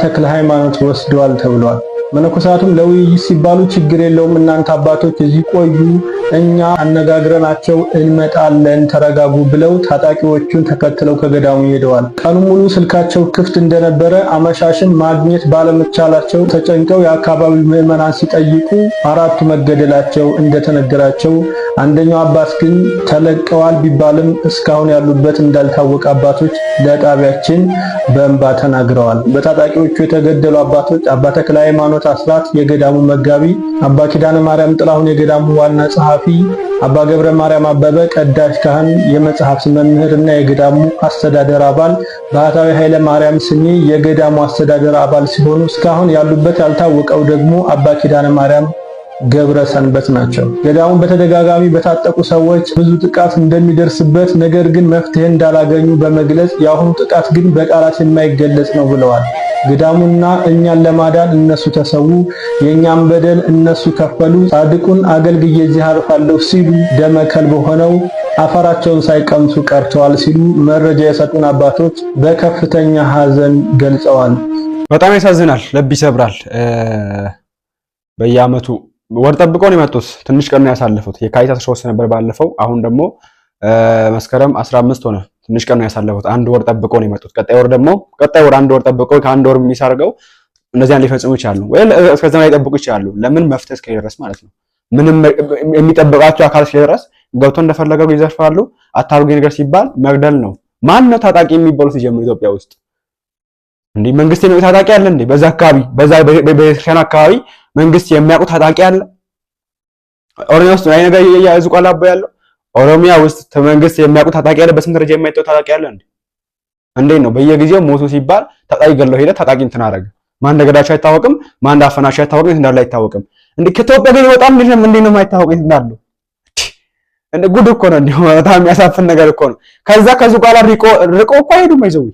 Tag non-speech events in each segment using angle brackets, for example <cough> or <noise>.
ተክለ ሃይማኖት ወስደዋል ተብሏል። መነኮሳቱም ለውይይት ሲባሉ ችግር የለውም እናንተ አባቶች እዚህ ቆዩ፣ እኛ አነጋግረናቸው እንመጣለን፣ ተረጋጉ ብለው ታጣቂዎቹን ተከትለው ከገዳሙ ሄደዋል። ቀኑ ሙሉ ስልካቸው ክፍት እንደነበረ አመሻሽን ማግኘት ባለመቻላቸው ተጨንቀው የአካባቢው ምዕመናን ሲጠይቁ አራቱ መገደላቸው እንደተነገራቸው፣ አንደኛው አባት ግን ተለቀዋል ቢባልም እስካሁን ያሉበት እንዳልታወቀ አባቶች ለጣቢያችን በእንባ ተናግረዋል። በታጣቂዎቹ የተገደሉ አባቶች አባ ተክለ ሃይማኖት አባት አስራት የገዳሙ መጋቢ፣ አባ ኪዳነ ማርያም ጥላሁን የገዳሙ ዋና ጸሐፊ፣ አባ ገብረ ማርያም አበበ ቀዳሽ ካህን የመጽሐፍት መምህር እና የገዳሙ አስተዳደር አባል፣ ባህታዊ ኃይለ ማርያም ስሜ የገዳሙ አስተዳደር አባል ሲሆኑ እስካሁን ያሉበት ያልታወቀው ደግሞ አባ ኪዳነ ማርያም ገብረ ሰንበት ናቸው። ገዳሙ በተደጋጋሚ በታጠቁ ሰዎች ብዙ ጥቃት እንደሚደርስበት ነገር ግን መፍትሄ እንዳላገኙ በመግለጽ የአሁኑ ጥቃት ግን በቃላት የማይገለጽ ነው ብለዋል። ግዳሙና እኛን ለማዳን እነሱ ተሰዉ፣ የእኛን በደል እነሱ ከፈሉ፣ ጻድቁን አገልግዬ እዚህ አርፋለሁ ሲሉ ደመ ከልብ ሆነው አፈራቸውን ሳይቀምሱ ቀርተዋል ሲሉ መረጃ የሰጡን አባቶች በከፍተኛ ሀዘን ገልጸዋል። በጣም ያሳዝናል፣ ልብ ይሰብራል። በየዓመቱ ወር ጠብቀው ነው የመጡት። ትንሽ ቀን ያሳለፉት። የካቲት 13 ነበር ባለፈው፣ አሁን ደግሞ መስከረም 15 ሆነ። ትንሽ ቀን ነው ያሳለፉት። አንድ ወር ጠብቆ ነው የመጡት። ቀጣይ ወር ደግሞ ቀጣይ ወር አንድ ወር ጠብቆ ከአንድ ወር የሚሳርገው እነዚያን ሊፈጽሙ ይችላሉ ወይ እስከዛ ሊጠብቁ ይችላሉ። ለምን መፍትሄ እስከደረስ ማለት ነው። ምንም የሚጠብቃቸው አካል እስከደረስ ገብቶ እንደፈለገው ይዘርፋሉ። አታርጉ ነገር ሲባል መግደል ነው። ማን ነው ታጣቂ የሚባሉት ሲጀምር ኢትዮጵያ ውስጥ እንዴ መንግስት የሚያውቁ ታጣቂ አለ እንዴ? በዛ አካባቢ በዛ በቤተክርስቲያን አካባቢ መንግስት የሚያውቁ ታጣቂ አለ? ኦሮሚያ ውስጥ ነው ነገር እያያዙ ቆላባ ያለው ኦሮሚያ ውስጥ መንግስት የሚያውቁት ታጣቂ ያለ በስንት ደረጃ የማይጠው ታጣቂ ያለ እንዴ? እንዴት ነው? በየጊዜው ሞቱ ሲባል ታጣቂ ገለው ሄደ፣ ታጣቂ እንትን አደረገ። ማን እንደገዳቸው አይታወቅም፣ ማን እንዳፈናቸው አይታወቅም፣ የት እንዳለ አይታወቅም። እንዴ ከኢትዮጵያ ግን ይወጣል እንዴ? እንዴት ነው የማይታወቅ የት እንዳለ? እንደ ጉድ እኮ ነው። እንዴ በጣም የሚያሳፍን ነገር እኮ ነው። ከዛ ከዚህ በኋላ ሪቆ ርቆ እኮ አይሄዱም። አይዘው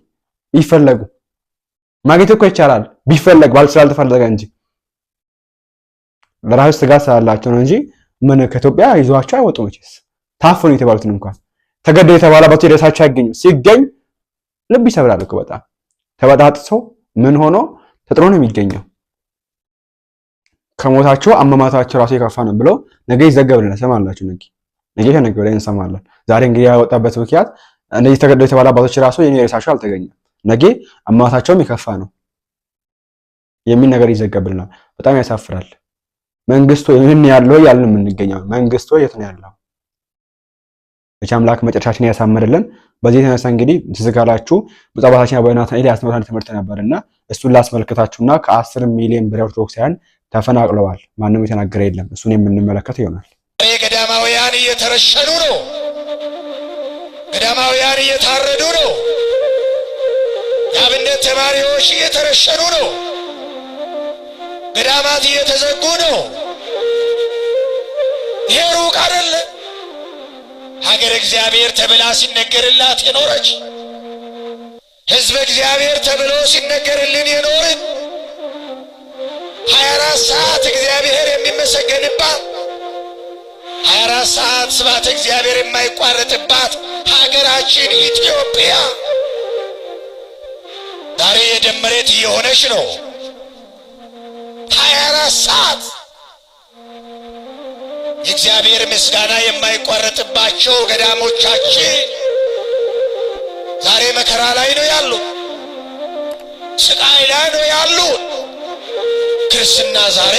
ይፈለጉ ማግኘት እኮ ይቻላል፣ ቢፈለግ ባል ስላልተፈለገ እንጂ ለራሱ ስጋት ስላላቸው ነው እንጂ ምን ከኢትዮጵያ ይዟቸው አይወጡ መቼስ ታፈኑ የተባሉትን እንኳን ተገደው የተባለበት ሬሳቸው አይገኙ ሲገኝ ልብ ይሰብራል እኮ በጣም ተበጣጥሶ ምን ሆኖ ተጥሎ ነው የሚገኘው። ከሞታቸው አመማታቸው ራሱ የከፋ ነው ብለው ነገ ይዘገብልናል። ሰማላችሁ ነገ ነገ ነገ ላይ እንሰማለን። ዛሬ እንግዲህ ያወጣበት ምክንያት እነዚህ ተገደው የተባለ አባቶች ራሱ የኔ ሬሳቸው አልተገኘም፣ ነገ አመማታቸውም የከፋ ነው የሚል ነገር ይዘገብልናል። በጣም ያሳፍራል። መንግስቱ የምን ያለው ያልን የምንገኘው መንግስቱ የት ነው ያለው? መቼ አምላክ መጨረሻችን ያሳምርልን። በዚህ የተነሳ እንግዲህ ስስካላችሁ ብፁዕ አባታችን አቡነ ናትናኤል ያስተማሩን ትምህርት ነበርና እሱን ላስመልክታችሁና ከአስር ሚሊዮን በላይ ኦርቶዶክሳውያን ተፈናቅለዋል። ማንም የተናገረ የለም። እሱን የምንመለከት ይሆናል። ገዳማውያን እየተረሸኑ ነው። ገዳማውያን እየታረዱ ነው። የአብነት ተማሪዎች እየተረሸኑ ነው። ገዳማት እየተዘጉ ነው። ይሄ ሩቅ አይደለም። ሀገር እግዚአብሔር ተብላ ሲነገርላት የኖረች ህዝብ እግዚአብሔር ተብሎ ሲነገርልን የኖርን ሀያ አራት ሰዓት እግዚአብሔር የሚመሰገንባት ሀያ አራት ሰዓት ስባት እግዚአብሔር የማይቋረጥባት ሀገራችን ኢትዮጵያ ዛሬ የደመሬት እየሆነች ነው። ሀያ አራት ሰዓት የእግዚአብሔር ምስጋና የማይቋረጥባቸው ገዳሞቻችን ዛሬ መከራ ላይ ነው ያሉ፣ ስቃይ ላይ ነው ያሉ። ክርስትና ዛሬ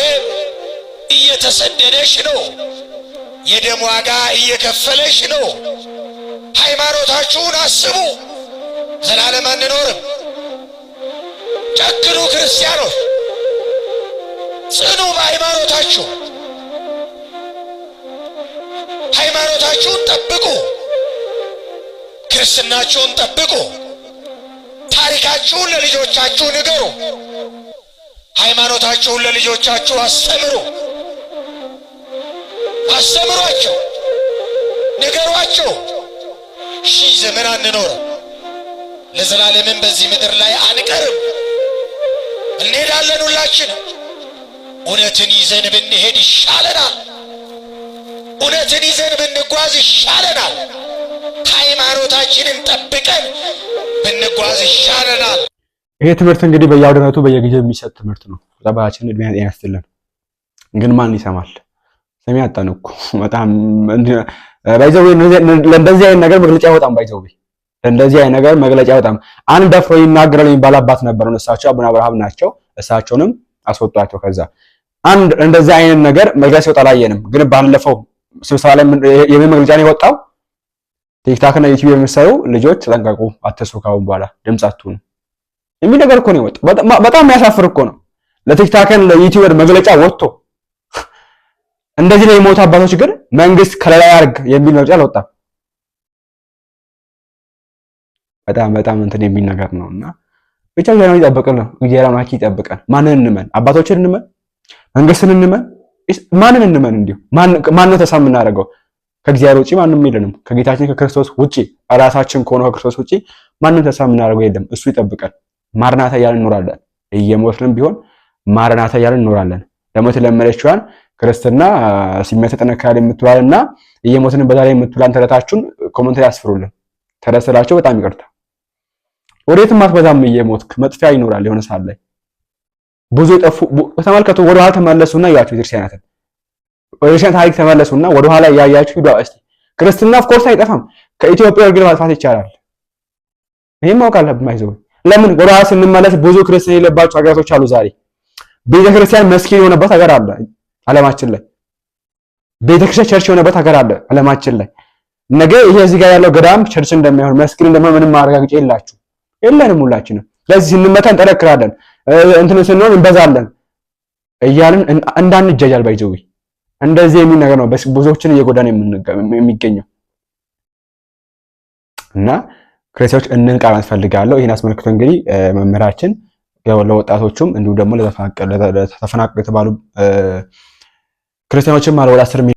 እየተሰደደች ነው። የደም ዋጋ እየከፈለች ነው። ሃይማኖታችሁን አስቡ። ዘላለም አንኖርም። ጨክኑ ክርስቲያኖች፣ ጽኑ በሃይማኖታችሁ። ሃይማኖታችሁን ጠብቁ፣ ክርስትናችሁን ጠብቁ፣ ታሪካችሁን ለልጆቻችሁ ንገሩ፣ ሃይማኖታችሁን ለልጆቻችሁ አስተምሩ፣ አስተምሯቸው፣ ንገሯቸው። ሺህ ዘመን አንኖርም፣ ለዘላለምን በዚህ ምድር ላይ አንቀርም። እንሄዳለን፣ ሁላችንም እውነትን ይዘን ብንሄድ ይሻለናል። እውነትን ይዘን ብንጓዝ ይሻለናል። ሃይማኖታችንን ጠብቀን ብንጓዝ ይሻለናል። ይሄ ትምህርት እንግዲህ በየአውደነቱ በየጊዜው የሚሰጥ ትምህርት ነው። ጠባችን እድሜ ጤና ይስጥልን። ግን ማን ይሰማል? ሰሚ አጣን እኮ በጣም ባይዘዌ። ለእንደዚህ አይነት ነገር መግለጫ አይወጣም። ባይዘው። ለእንደዚህ አይነት ነገር መግለጫ አይወጣም ባይዘው ለእንደዚህ አይነት ነገር መግለጫ አይወጣም አንድ ደፍሮ ይናገራል የሚባል አባት ነበረ። እሳቸው አቡነ አብርሃም ናቸው። እሳቸውንም አስወጧቸው። ከዛ አንድ እንደዚህ አይነት ነገር መግለጫ ሲወጣ አላየንም። ግን ባለፈው ስብሰባ ላይ የምን መግለጫ ነው የወጣው? ቲክታክ እና ዩቲዩብ የምትሰሩ ልጆች ተጠንቀቁ፣ አትስሩ፣ ካሁን በኋላ ድምፅ አትሁኑ የሚል ነገር እኮ ነው የወጣው። በጣም የሚያሳፍር እኮ ነው። ለቲክታክን ለዩቲዩበር መግለጫ ወጥቶ <laughs> እንደዚህ ላይ የሞቱ አባቶች ግን መንግስት ከለላ ያርግ የሚል መግለጫ አልወጣም። በጣም በጣም እንትን የሚል ነገር ነውና ብቻ እግዚአብሔር ይጠብቅልን፣ እግዚአብሔር አምላክ ይጠብቀን። ማንን እንመን? አባቶችን እንመን? መንግስትን እንመን? ማንን እንመን? እንዲሁ ማን ነው ተስፋ የምናደርገው? ከእግዚአብሔር ውጪ ማንም የለንም። ከጌታችን ከክርስቶስ ውጪ ራሳችን ከሆነ ከክርስቶስ ውጪ ማንም ተስፋ የምናደርገው የለም። እሱ ይጠብቀን። ማርናታ እያልን እንኖራለን። እየሞትንም ቢሆን ማርናታ እያልን እንኖራለን። ለሞት ለመለችዋን ክርስትና ሲመት ተጠነካሪ የምትውላልና እየሞትን በዛ ላይ የምትውላን ተረታችሁን ኮመንት ላይ አስፍሩልን። ተረስላቸው በጣም ይቅርታ። ወዴትም አትበዛም። እየሞትክ መጥፊያ ይኖራል የሆነ ሰዓት ላይ ብዙ የጠፉ ተመልከቱ። ወደ ኋላ ተመለሱና ያያችሁ ቤተክርስቲያናትን ወደሻን ታሪክ ተመለሱና ወደ ኋላ ያያችሁ ሂዱ። እስቲ ክርስትና ኦፍ ኮርስ አይጠፋም። ከኢትዮጵያ እርግል ማጥፋት ይቻላል። ይሄን ማወቅ አለብን። አይዞህ ለምን ወደ ኋላ ስንመለስ ብዙ ክርስትና የሌለባቸው ሀገራቶች አሉ። ዛሬ ቤተክርስቲያን መስኪን የሆነበት ሀገር አለ አለማችን ላይ። ቤተክርስቲያን ቸርች የሆነበት ሀገር አለ አለማችን ላይ። ነገ ይሄ እዚህ ጋር ያለው ገዳም ቸርች እንደማይሆን መስኪን እንደማይሆን ምንም ማረጋገጫ የላችሁ የለንም። ሁላችንም ለዚህ ስንመታ እንጠነክራለን። እንትን ስንሆን እንበዛለን እያልን እንዳንጃጃል ባይዘዊ እንደዚህ የሚል ነገር ነው ብዙዎችን እየጎዳን የሚገኘው እና ክርስቲያኖች እንንቃር እንፈልጋለሁ። ይህን አስመልክቶ እንግዲህ መምህራችን ለወጣቶቹም እንዲሁም ደግሞ ለተፈናቀሉ የተባሉ ክርስቲያኖችም አለ ወደ አስር